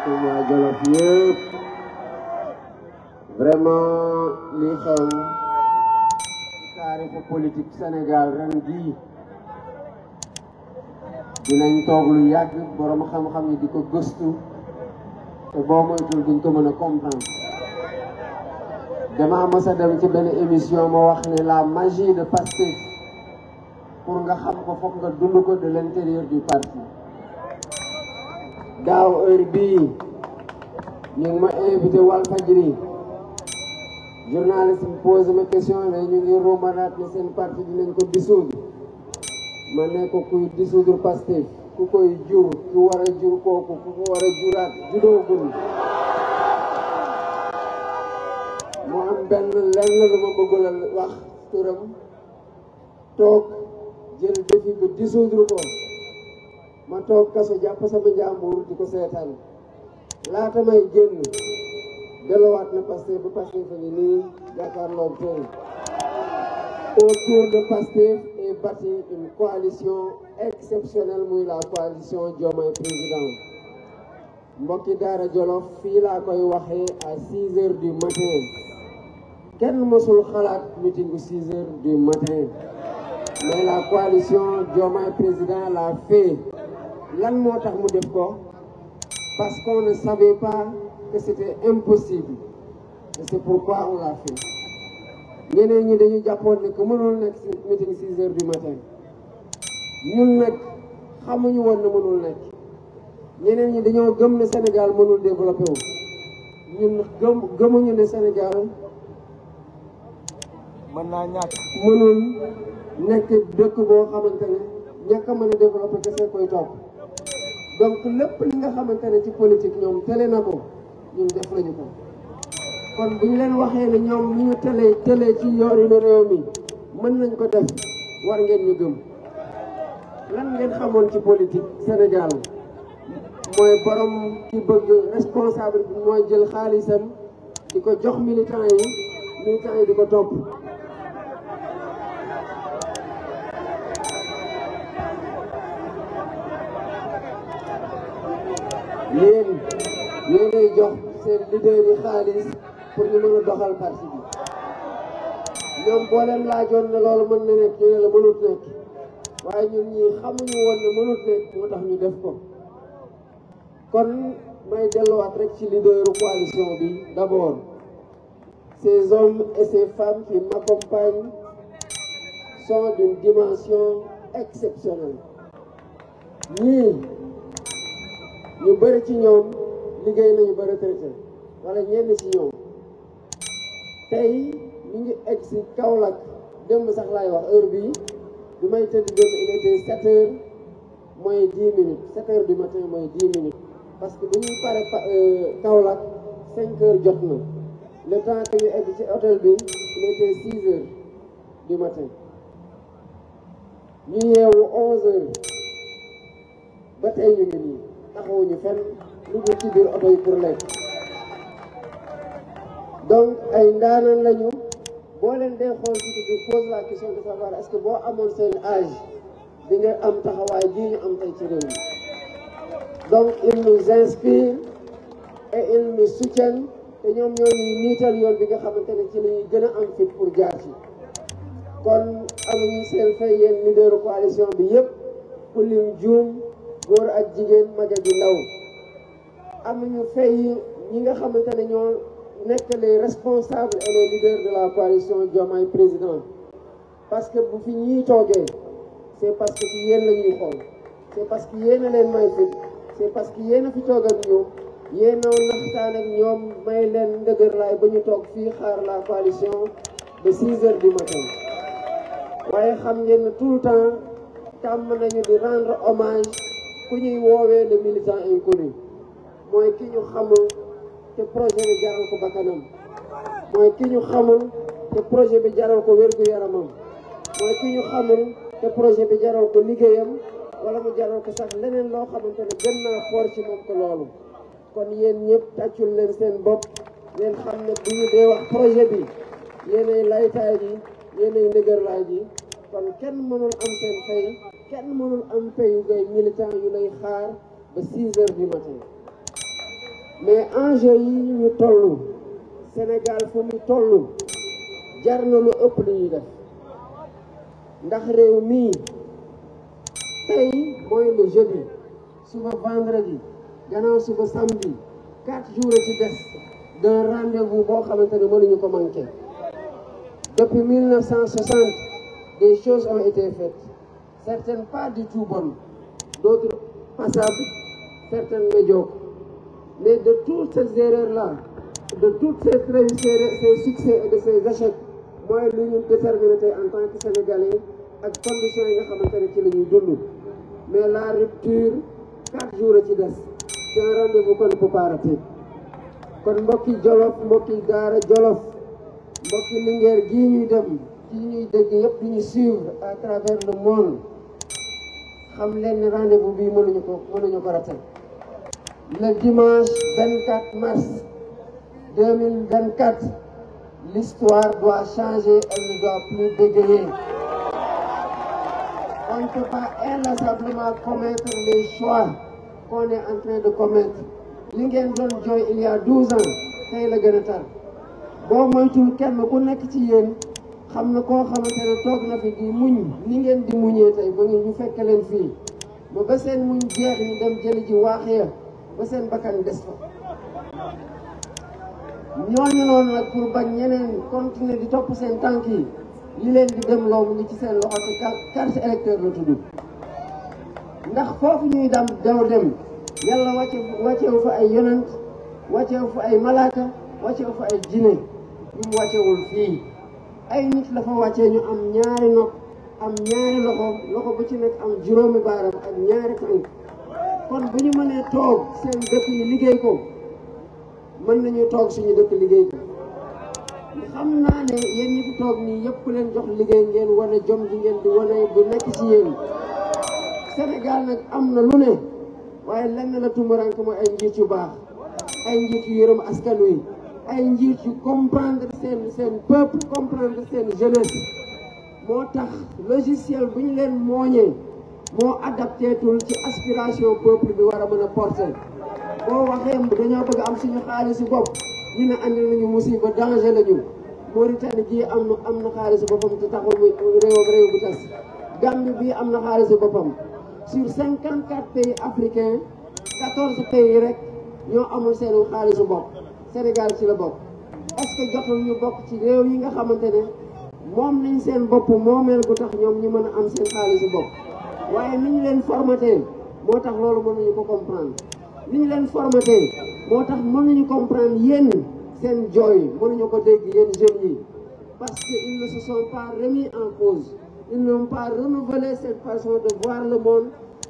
salaamaaleykum waa Jolof yëpp vraiment li xew ci taarixu politique Sénégal ren jii dinañ toog lu yàgg boroom xam-xam yi di ko gëstu te boo moytul duñ ko mën a comprendre dama mës dem ci benn émission ma wax ne la magie de Pastef pour nga xam ko foog nga dund ko de l'intérieur du parti daaw heure bii ñu ma invité Walfadjri journaliste bi posé ma question ne ñu ngi rombanaat ne seen parti dinañ ko dissoudre ma ne ko kuy dissoudre Pastef ku koy jur ku war a jur kooku ku ko war a juraat judoogul mu am benn lenn lu ma bëggul wax turam toog jël défi bu dissoudre ko ma toog kaso jàpp sama njàmbur di ko seetaan laata may génn delluwaat na Pastef bu Pastef fa ngi nii jàkkaarloog tey autour de Pastef est bâtie une coalition exceptionnelle muy la coalition Diomaye Président mbokki daara Jolof fii laa koy waxee à six heures du matin kenn mësul xalaat meetingu six du matin mais la coalition Diomaye Président l'a fait lan moo tax mu def ko parce qu'on ne pas que c'était impossible et c'est pourquoi on l'a fait ñeneen ñi dañu jàppoon ne que mënul nekk ci meeting six du matin ñun nag xamuñu woon ne mënul nekk ñeneen ñi dañoo gëm ne Sénégal mënul développé ñun gëm gëmuñu ne Sénégal mën naa ñàkk mënul nekk dëkk boo xamante ne ñàkk a mën a développé kese koy topp donc lépp li nga xamante ne ci politique ñoom tële na ko ñun def nañu ko kon bu ñu leen waxee ne ñoom ñu ñu tëlee tëlee ci yoorinu réew mi mën nañ ko def war ngeen ñu gëm lan ngeen xamoon ci politique Sénégal mooy borom ki bëgg responsable bi mooy jël xaalisam di ko jox militant yi militant yi di ko topp yéen yéen ay jox seen leader yi xaalis pour ñu mën a doxal parti bi ñoom boo leen laajoon ne loolu mën na nekk ñu ne la mënut nekk waaye ñun ñii xamuñu woon ne mënut nekk moo tax ñu def ko kon may delluwaat rek ci leaderu coalition bi d'abord ces hommes et ces femmes qui m'accompagnent sont d'une dimension exceptionnelle ñii ñu bëri ci ñoom liggéey nañu ba retraité wala ñenn ci ñoom tey ñu ngi egg si Kaolack démb sax laay wax heure bi du may tëdd démb il était 7 heures mooy 10 minutes 7 du matin mooy 10 minutes parce que bu ñuy pare euh, Kaolack 5 heures jot na le temps que egg ci hôtel bi il était 6 du matin ñu yeewu 11 heures ba tey ñu ngi nii. taxawuñu fenn lu dul ci biir yi pour lekk donc ay ndaanaan lañu boo leen dee xool tuuti di pose la question de savoir est-ce que boo amoon seen âge di nga am taxawaay ji am tey ci réew mi donc ils nous inspirent te ñoom ñoo ñuy niital yoon bi nga xamante ne ci lañuy ñuy gën am fit pour jaar ci kon amuñu seen fay yéen leaderu coalition bi yëpp ku lim juum góor ak jigéen mag ak ndaw amuñu fay ñi nga xamante ne ñoo nekk les responsables et de la coalition Diomaye président parce que bu fi ñuy toogee c'est parce que ci yéen la ñuy xool c'est parce que yéen a leen may fit c'est que yéen fi toogal ak ñoom yéen a naxtaan ak ñoom may leen ndëgër laay ba ñu toog fii xaar la coalition de 6 heures du matin waaye xam ngeen tout le temps tàmm nañu di rendre hommage ku ñuy woowee le militant inconnu mooy ki ñu xamul te projet bi jaral ko bakkanam mooy ki ñu xamul te projet bi jaral ko wér-gu-yaramam mooy ki ñu xamul te projet bi jaral ko liggéeyam walla mu jaral ko sax leneen loo xamante ne gën naa xool ci moom ko loolu kon yéen ñëpp tàccul leen seen bopp ngeen xam ne bu ñu dee wax projet bi yéenay laytaay ji yéenay ndëgërlaay ji kon kenn mënul am seen fay kenn mënul am payu ngay militant yu lay xaar ba 6 heures du matin mais enjeu yi ñu toll Sénégal fu mu toll jar na lu ëpp li ñuy def ndax réew mii tey mooy le jeudi suba vendredi gannaaw suba samedi quatre jours a ci des d'un rendez-vous boo xamante ne mënuñu ko manqué depuis des choses ont été faites certaines pas du tout bonnes, d'autres passables, certaines médiocres. Mais de toutes ces erreurs-là, de toutes ces réussites, ces succès et de ces échecs, mooy lu ñu déterminé en tant que sénégalais ak conditions yi nga ci la ñuy dund mais la rupture quatre jours ci des c'est un rendez-vous qu'on ne kon mbokki Jolof mbokki Daara Jolof mbokki Linguère gii ñuy dem ci ñuy dégg yëpp di ñu suivre à travers le monde xam leen ne rendez mënuñu ko mënuñu ko ratal le dimanche 24 mars 2024 l'histoire doit changer elle ne doit plus bégayer on ne peut pas commettre les choix qu'on est de commettre li ngeen doon jooy il ans tey la gën a tar boo moytul kenn ku nekk ci yéen xam na koo xamante ne toog na fi di muñ ni ngeen di muñee tey ba ngeen ñu fekk leen fii ba ba seen muñ jeex ñu dem jëli ji waax ya ba seen bakkan des fa ñooñu noonu nag pour bañ ñeneen continuer di topp seen tànk yi li leen di dem loo mu ngi ci seen loxo te carte électeur la tudd ndax foofu ñuy dam daw dem yàlla wàcce wàccewu fa ay yonent wàccewu fa ay malaaka wàccewu fa ay jine ñu wàccewul fii ay nit la fa wàccee ñu am ñaari nopp am ñaari loxo loxo bu ci nekk am juróomi baaram ak ñaari tànk kon bu ñu mënee toog seen dëkk yi liggéey ko mën nañu toog suñu dëkk liggéey ko xam naa ne yéen ñi toog nii yëpp leen jox liggéey ngeen wane jom ji ngeen di wane bu nekk ci yéen Sénégal nag am na lu ne waaye lenn la tumurank mooy ay njiit yu baax ay njiit yu yërëm askan wi ay njiit yu comprendre seen seen peuple comprendre seen jeunesse moo tax logiciel bu ñu leen mooñee moo adapté tul ci aspiration peuple bi war a mën a porter boo waxee dañoo bëgg am suñu xaalisu bopp ñu ne andi nañu musiba danger la ñu Mauritanie gii am na am na xaalisu boppam te taxul réew réew bu tas Gambie bii am na xaalisu boppam sur cinquante quatre pays africains rek ñoo amul seen xaalisu bopp Sénégal ci la bokk est-ce que jotul ñu bokk ci réew yi nga xamante ne moom nañ seen bopp moomeel gu tax ñoom ñu mën a am seen xaalisu bopp waaye ni ñu leen formaté moo tax loolu mënuñu ko comprendre ni ñu leen formaté moo tax mënuñu comprendre yéen seen jooy mënuñu ko dégg yéen jeunes yi parce que ils ne se remis en cause ils n'ont pas renouvelé cette façon de voir le monde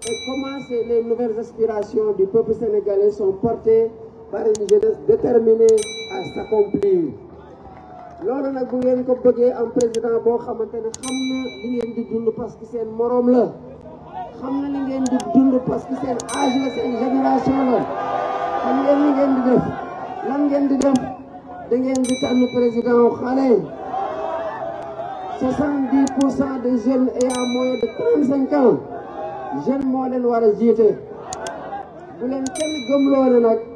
et comment les nouvelles aspirations du peuple sénégalais sont portées par une jeunesse déterminée à s'accomplir loolu nag bu ngeen ko bëggee am président boo xamante ne xam na li ngeen di dund parce que seen moroom la xam na li ngeen di dund parce que seen âge la seen génération la xam ngeen li ngeen di def lan ngeen di def président ngeen di tànn président xale 70 pour cent des jeunes ayant moins de 35 ans jeune moo leen war a jiite bu leen kenn gëmloo ne nag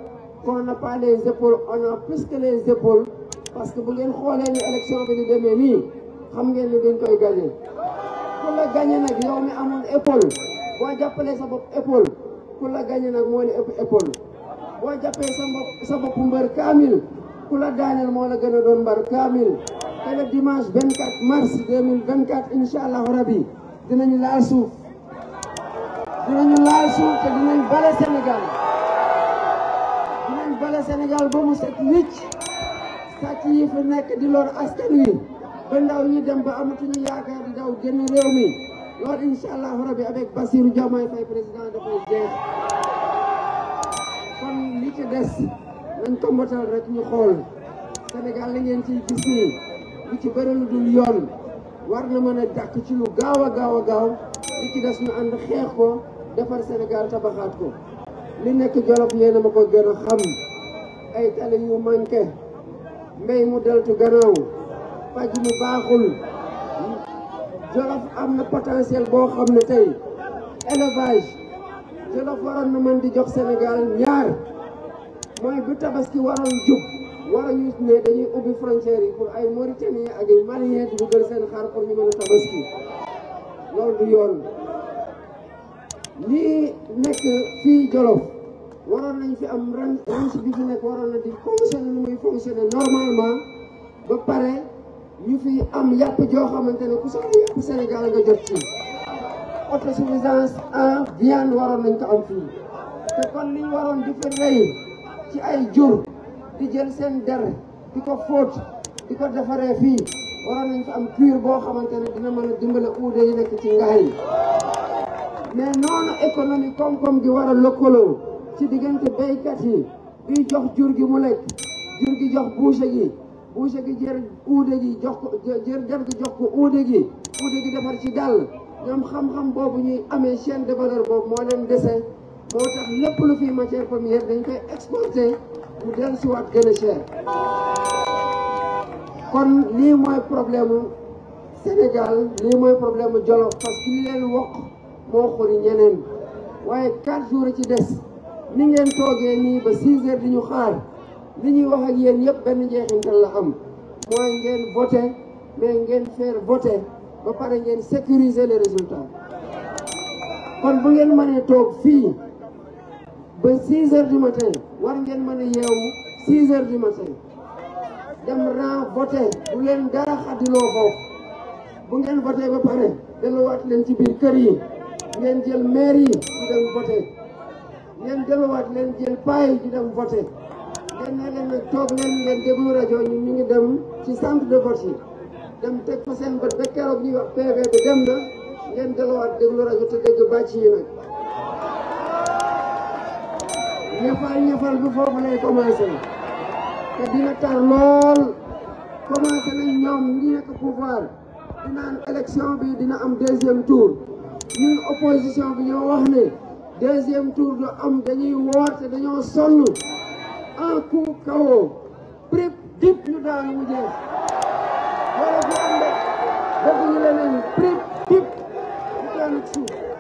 qu'on n'a pas les épaules on a plus que parce que bu ngeen xoolee ni élection bi di demee nii xam ngeen ni dañ koy gagné ku la gagné nag yow mi amoon épaule boo jàppalee sa bopp épaule ku la gagné nag moo la boo jàppee sa bopp sa bopp mbër kaamil ku la daaneel moo la gën a doon mbar kaamil te le dimanche 24 mars 2024 incha allahu rabi dinañu laal suuf dinañu laal suuf te dinañ bale Sénégal senegal ba mu set wicc sàcc yi fi nekk di lor askan wi ba ndaw yi dem ba amatuñu yaakaar di daw génn réew mi loolu incha allah rabi avec Bassirou Diomaye Faye président dafay jeex kon li ci des nañ ko mbotal rek ñu xool Sénégal la ngeen ciy gis nii li ci bari lu dul yoon war na mën a dàkk ci lu gaaw a gaaw a gaaw li ci des ñu ànd xeex ko defar Sénégal tabaxaat ko li nekk Jolof yéen ma ko gën xam ay tali yu manqué mbéy mu deltu gannaaw paj mu baaxul Jolof am na potentiel boo xam ne tey élevage Jolof waroon na mën di jox Sénégal ñaar mooy bu tabaski waroon jub waroon ñu ne dañuy ubbi frontière yi pour ay Mauritaniens ak ay Maliens di dugal seen xar pour ñu mën tabaski loolu yoon lii nekk fii Jolof waroon nañ fi am ren ranch bi fi nekk waroon na di fonctionner ni muy fonctionner normalement ba pare ñu fi am yàpp joo xamante ne ku soxla yàpp Sénégal nga jot ci autosuffisance en viande waroon nañ ko am fii te kon liñ waroon di fi rey ci ay jur di jël seen der di ko fóot di ko defaree fii waroon nañ fi am cuir boo xamante ne dina mën a dimbale uude yi nekk ci ngaay yi mais noonu économie koom-koom gi war a lëkkaloo ci diggante béykat yi bi jox jur gi mu lekk jur gi jox buuse gi buuse gi jër uude gi jox ko jër jër gi jox ko uude gi uude gi defar ci dàll ñoom xam-xam boobu ñuy amee chaîne de valeur boobu moo dem dese moo tax lépp lu fi matière première dañ koy exporté mu dellu si waat gën kon lii mooy problème mu Sénégal lii mooy problème mu Jolof parce que li leen wokk moo xuri ñeneen waaye quatre jours ci des ni ngeen toogee nii ba 6 heures di ñu xaar li ñuy wax ak yéen yépp benn njeexintal la am mooy ngeen voter mais ngeen faire voter ba pare ngeen sécuriser les résultats kon bu ngeen mënee toog fii ba 6 heures du matin war ngeen mën a yeewu 6 heures du matin dem rang voter bu leen dara xaddiloo foofu bu ngeen voter ba pare delluwaat leen ci biir kër yi ngeen jël maire yi dem voter ngeen demawaat leen jël paa yi di dem voté ngeen nag toog leen ngeen déglu rajo ñu ngi dem ci centre de vote yi dem teg fa bët ba keroog ñuy wax dem na ngeen delawaat déglu te dégg bàcc yi nag ñafal ñafal bu foofu lay commencé te dina tar lool commencé nañ ñoom ñi nekk pouvoir dinaan élection bi dina am deuxième tour ñun opposition bi ñoo wax ne deuxième tour du am dañuy woor dañoo sonn en coup kawo prép dip ñu daan mu jeex wala am rek bëgg ñu leneen prép dip ñu daan suuf